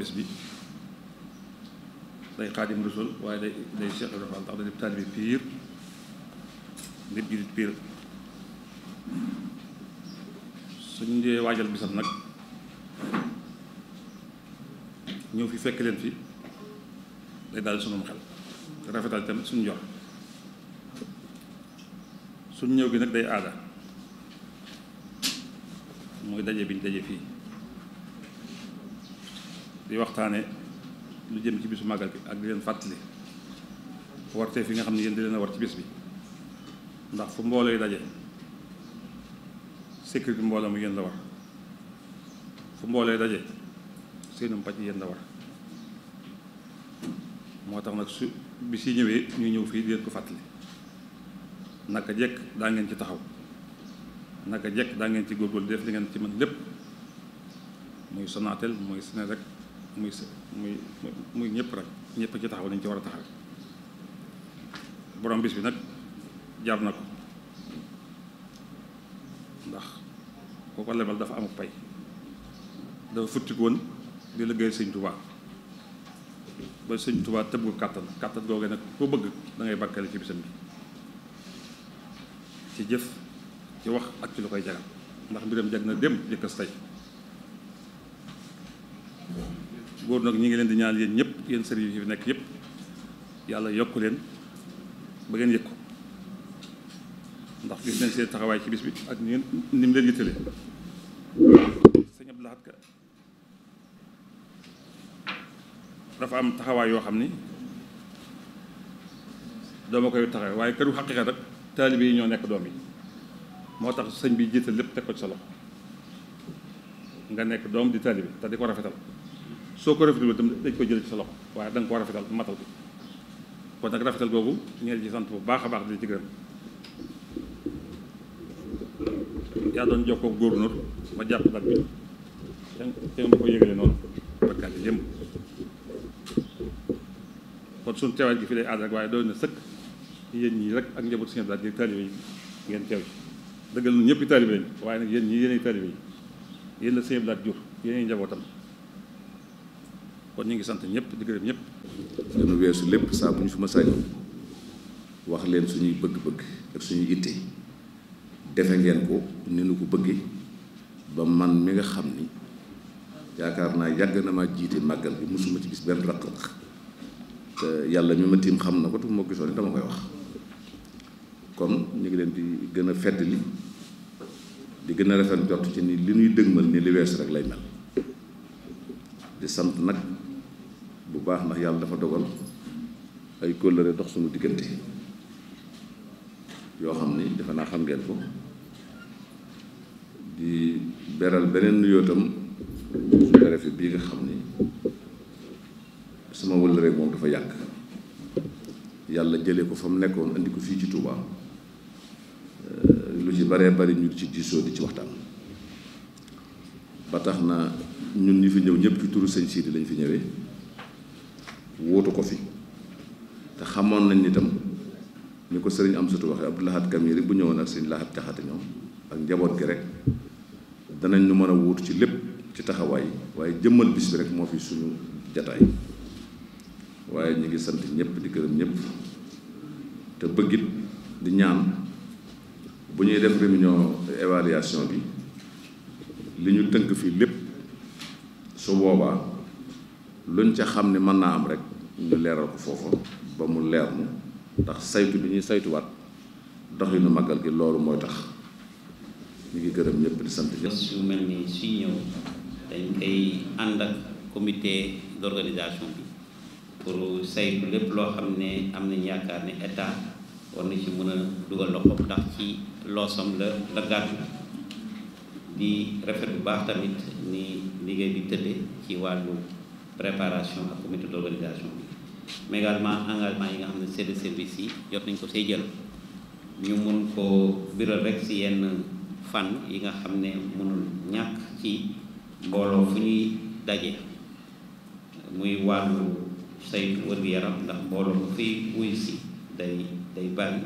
bés bi day xaadim rasul waaye day day Cheikh Ibra Fall ndax day taalibe piir nit piir suñ dee waajal bisam nag ñëw fi fekk leen fi day daal sunum xel rafetal tamit suñ jox suñ ñëw bi nag day aada mooy daje biñ daje fii di waxtaane lu jëm ci bisu màggal bi ak di leen fàttali wartee fi nga xam ne yéen di leen a war ci bis bi ndax fu mbooloo yi daje sécurité mbooloo mu yéen la war fu mbooloo yi daje seenum pàcc yéen la war moo tax nag su bis yi ñëwee ñu ñëw fii di leen ko fàttali naka jekk daa ngeen ci taxaw naka jekk daa ngeen ci góorgóorlu def li ngeen ci mën lépp muy Sonatel muy Senelec muy muy muy ñëpp rek ñëpp ci taxaw nañ ci war a taxaw borom bis bi nag jar na ko ndax ku ko lebal dafa amuk pay dafa futtiku woon di liggéey sëñ tubaa ba sëñ tubaa tëb kàttan kàttan googee nag koo bëgg da ngay barkale ci bisam bi ci jëf ci wax ak ci lu koy jagal ndax mbiram jag na dem jëkkës tey góor nag ñi ngi leen di ñaan yéen ñëpp yéen sëriñ yi fi nekk yëpp yàlla yokk leen ba ngeen yëg ko ndax gis nañ taxawaay ci bis bi ak ni ni mu leen yittalee sëñ Abdou Lahad Ka dafa am taxawaay yoo xam ni dooma koy taxaw waaye këru xaqiiqa rek taalibe yi ñoo nekk doom yi moo tax sëñ bi jiital lépp teg ko ci nga nekk doom di taalibe te di ko rafetal soo ko rafetul tam dañ ko jël ci solo loxo waaye da koo rafetal matal ko kon nag rafetal boobu ngeen ngi ci sant bu baax a baax di ci gërëm yaa doon jox ko gouverneur ma jàpp dal bi te ma ko yëgale noonu bakkaat yi yëpp kon suñu teewaay gi fi day aada rek waaye doy na sëkk yéen rek ak njabootu seen daal di taalibe yi ngeen teew ci dëggal ñun ñëpp taalibe lañ waaye nag yéen ñii yéenay taalibe yi yéen la seen daal jur yéenay njabootam kon ñu ngi sant ñëpp di gërëm ñëpp dana weesu lépp saa bu ñu fi ma wax leen suñuy bëgg-bëgg ak suñuy itte defe ngeen ko ni nu ko bëggee ba man mi nga xam ni yaakaar naa yàgg na ma jiite màggal bi mosuma ci gis benn raq-raq te yàlla mi ma tiim xam na ko te moo gisoon ni dama koy wax kon ñu ngi leen di gën a fedd li di gën a rafet jot ci ni li ñuy dëgmal ni li weesu rek lay mel di sant nag bu baax ndax yàlla dafa dogal ay kóllëre dox suma diggante yoo xam ni defe naa xam ngeen ko di beral beneen nuyoo tam suñu fi bii nga xam ni suma wëllëre moom dafa yàgg yàlla jëlee ko fa mu nekkoon andi ko fii ci Touba lu ci baree bari ñu ci diisoo di ci waxtaan ba tax na ñun ñu fi ñëw ñëpp ci turu sii Sidi lañ fi ñëwee. wóotu ko fi te xamoon nañ nitam ni ko sëriñ am sutu waxee Abdou Lahad Kamiri bu ñëwoon ak sëriñ Lahad Jaxate ñoom ak njaboot gi rek danañ ñu mën a wóotu ci lépp ci taxawaay waaye jëmmal bis bi rek moo fi suñu jataay waaye ñu ngi sant ñëpp di gërëm ñëpp te bëggit di ñaan bu ñuy def réunion évaluation bi li ñu tënk fii lépp su boobaa luñ ca xam ne mën naa am rek ñu leeral ko foofa ba mu leer mu ndax saytu bi ñuy saytuwaat doxinu magal gi loolu mooy tax ñu ngi gërëm ñëpp di sant ñëpp. yu mel ni suy ñëw dañ koy ànd ak comité d'organisation bi pour saytu lépp loo xam ne am nañ yaakaar ne état war na ci mën a dugal loxoom ndax ci loosam la la di rafet bu baax tamit ni liggéey bi tëddee ci wàllu. préparation ak comité d'organisation bi mais également engagement yi nga xam ne seeni service yi jot nañ ko say jël ñu mun ko biral rek si yenn fànn yi nga xam ne mënul ñàkk ci mbooloo fu ñuy daje muy wàllu say wër-gu-yaram ndax mbooloo mu fiy wuy si day day bari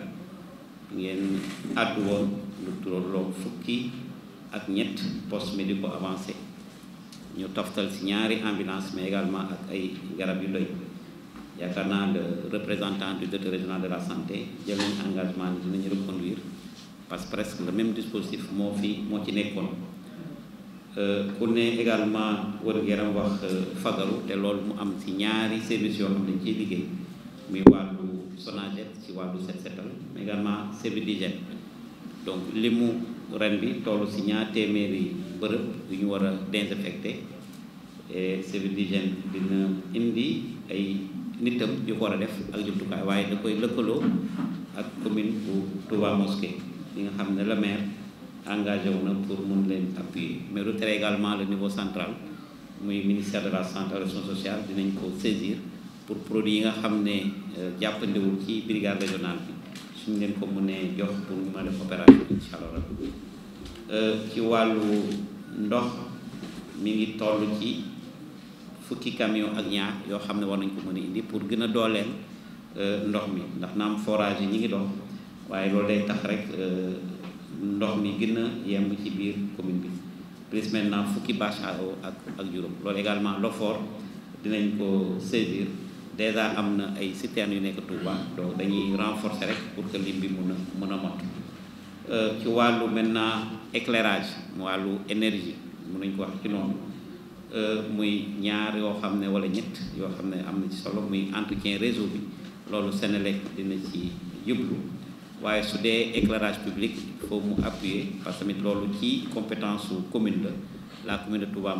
ngeen àddu woon lu turóol loo fukki ak ñett post médico avancé ñu toftal ci ñaari ambulance mais également ak ay garab yu doy yaakaar naa le représentant du directeur régional de la santé jël nañ engagement ni dinañu reconduire parce que presque le même dispositif moo fi moo ci nekkoon euh, ku ne également wër-gu-yaram wax euh, fagaru te lool mu am ci ñaari service yoo xam dañ ciy liggéey muy wàllu Sonaged ci wàllu set setal mais également service d'hygiène donc li mu ren bi toll ci ñaar téeméeri bërëb bu ñu war a désinfecté service d'hygiène dina indi ay nitam yu ko war a def ak jumtukaay waaye da koy lëkkaloo ak commune bu Touba Mosquée li nga xam ne la maire engagé wu na pour mun leen appuyer mais retraite également le niveau central muy ministère de la santé sociale dinañ ko saisir pour produit yi nga xam ne euh, jàppandewul ci brigade régionale bi suñ leen ko mënee jox pour ñu mën a def opération incha allah euh, ci wàllu ndox mi ngi toll ci fukki camion ak ñaar yoo xam ne war nañ ko mën a indi pour gën a dooleel euh, ndox mi ndax naam forage yi ñu ngi dox waaye loolu day tax rek euh, ndox mi gën a yemb ci biir commune bi plus maintenant fukki bâche à ak ak juróom loolu également l'OFOR dinañ ko saisir déjà am na ay citernes yu nekk Touba donc dañuy renforcer rek pour que lim bi mun a mun a mot Euh, ci wàllu maintenant éclairage wàllu énergie mun nañ ko wax ci noonu euh, muy ñaar yoo xam ne wala ñett yoo xam ne am na ci solo muy entretien réseau bi loolu Senelec dina ci jublu waaye su dee éclairage publique il faut mu appuyer parce que tamit loolu ci compétence su commune la la commune de Touba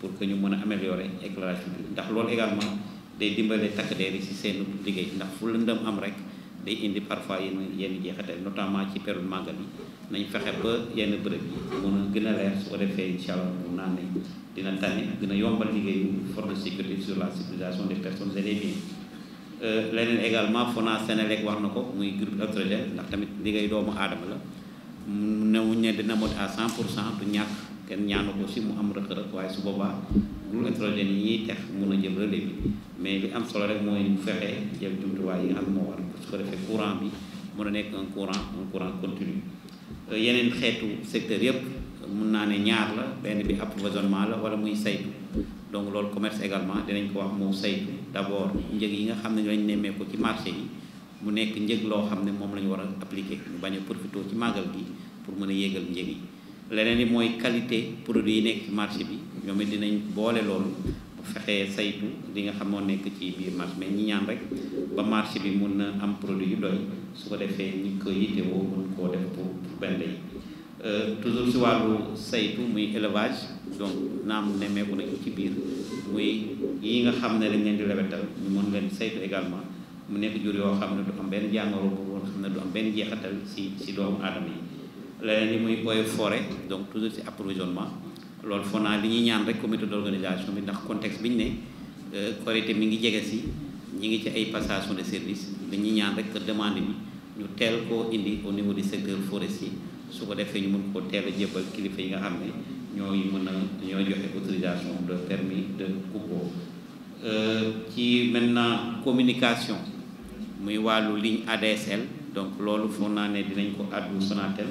pour que ñu mën a améliorer éclairage public ndax loolu également day dimbale takk deer yi si seen liggéey ndax fu lëndëm am rek day indi parfois yenn yenn jeexital notamment ci période màggal yi nañ fexe ba yenn bërëb yi mun a gën a leer su ko defee incha allah mun naa ne dina tane gën a yombal liggéeyu force de sécurité sur la sécurisation des personnes et des biens euh, leneen également Fona Sénélec wax na ko muy groupe électrogène ndax tamit liggéey doomu aadama la mu newuñ ne dina mot à cent pour cent du ñàkk kenn ñaanu ko si mu am rëq-rëq waaye su boobaa électrogène yi tax mun a jëm relais bi mais li am solo rek mooy mu fexee jël jumtuwaay yi nga xam moo war su ko a nekk un courant un courant continu euh, yeneen xeetu secteur yëpp mun naa ne ñaar la benn bi approvisionnement la wala muy saytu donc loolu commerce également dinañ ko wax moo saytu d'abord njëg yi nga xam ne lañ nemmee ko ci marché yi mu nekk njëg loo xam ne moom la ñu war a appliquer ñu bañ a profité ci màggal gi pour mën a yéegal njëg yi leneen li mooy qualité produit yi nekk ci bi ñoom it dinañ boole loolu bu fexee saytu li nga xamoo nekk ci biir marché mais ñi ñaan rek ba marché bi mun na am produit yu doy su ko defee ñi ko yittewoo mun koo def si euh, wàllu saytu muy élevage donc naam nemmeeku nañu ci biir muy yi nga xam ne dañ leen di lewetal ñu mën leen saytu également mu nekk jur yoo xam ne du am benn jàngoro boobu woon xam ne du am benn jeexatal si si doomu aadama yi leneen li muy oe forêt donc toujours ci approvisionnement loolu foo naa li ñuy ñaan rek comité d'organisation bi ndax contexte bi ñu ne euh, Korité mi ngi jege si ñi ngi ci ay passation de service li ñuy ñaan rek demande bi ñu teel koo indi au niveau du secteur forestier su ko defee ñu mën koo teel a jébbal kilifa yi nga xam ne ñooy mën a ñooy joxe autorisation de permis de coupeau ci maintenant communication muy wàllu ligne ADSL donc loolu foog naa ne dinañ ko addu Sonatel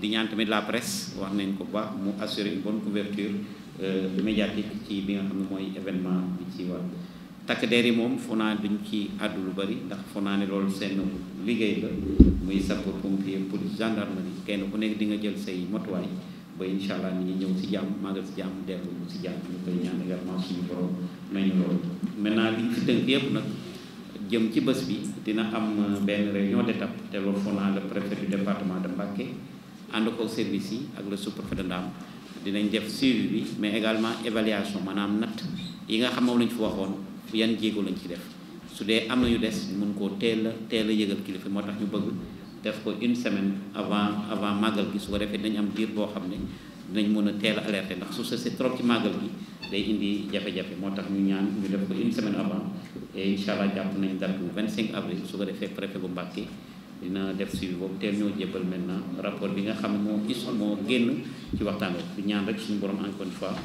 di ñaan tamit la presse wax nañ ko bu baax mu assurer bon bonne couverture euh, médiatique ci bi nga xam ne mooy événement bi ci war takk der yi moom foo naa duñ ci àddu lu bari ndax foo naa ne loolu seen liggéey la muy sapeur pompier police gendarmerie kenn ku nekk di nga jël say matuwaay ba incha allah ni ngi ñëw si jàmm màggal si jàmm dellu si jàmm ñu koy ñaan également suñu borom may ñu loolu maintenant liñ ci tënk yëpp nag jëm ci bés bi dina am benn réunion d'étape te loolu foo naa le préfet de Mbacké ànd ko service yi ak le sous-préfet de Ndam dinañ def suivi bi mais également évaluation maanaam natt yi nga xam moom lañ fi waxoon yan jéego lañ ci def su dee am nañu des ñu mun koo teel a teel a yëgal kilifa moo tax ñu bëgg def ko une semaine avant avant màggal gi su ko defee dinañ am diir boo xam ne dinañ mën a teel a alerter ndax su sesee trop ci màggal gi day indi jafe-jafe moo tax ñu ñaan ñu def ko une semaine avant et incha allah jàpp nañ dara bu 25 avril su ko defee préfet bu Mbàkke dina def si boobu teel ñoo jébbal maintenant rapport bi nga xam ne moo gis moo génn ci waxtaan bi ñaan rek suñu borom encore une fois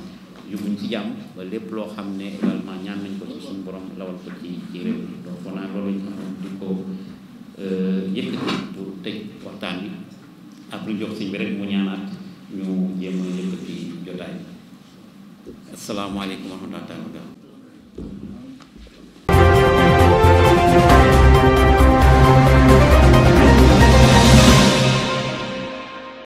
yóbbuñ ci jàmm ba lépp loo xam ne également ñaan nañ ko ci suñu borom lawal ko ci ci réew mi donc on a loolu ñu xam di ko euh, yëkkati pour tëj waxtaan bi après jox siñ bi rek mu ñaanaat ñu jéem yëkkati jotaay bi asalaamaaleykum wa rahmatulah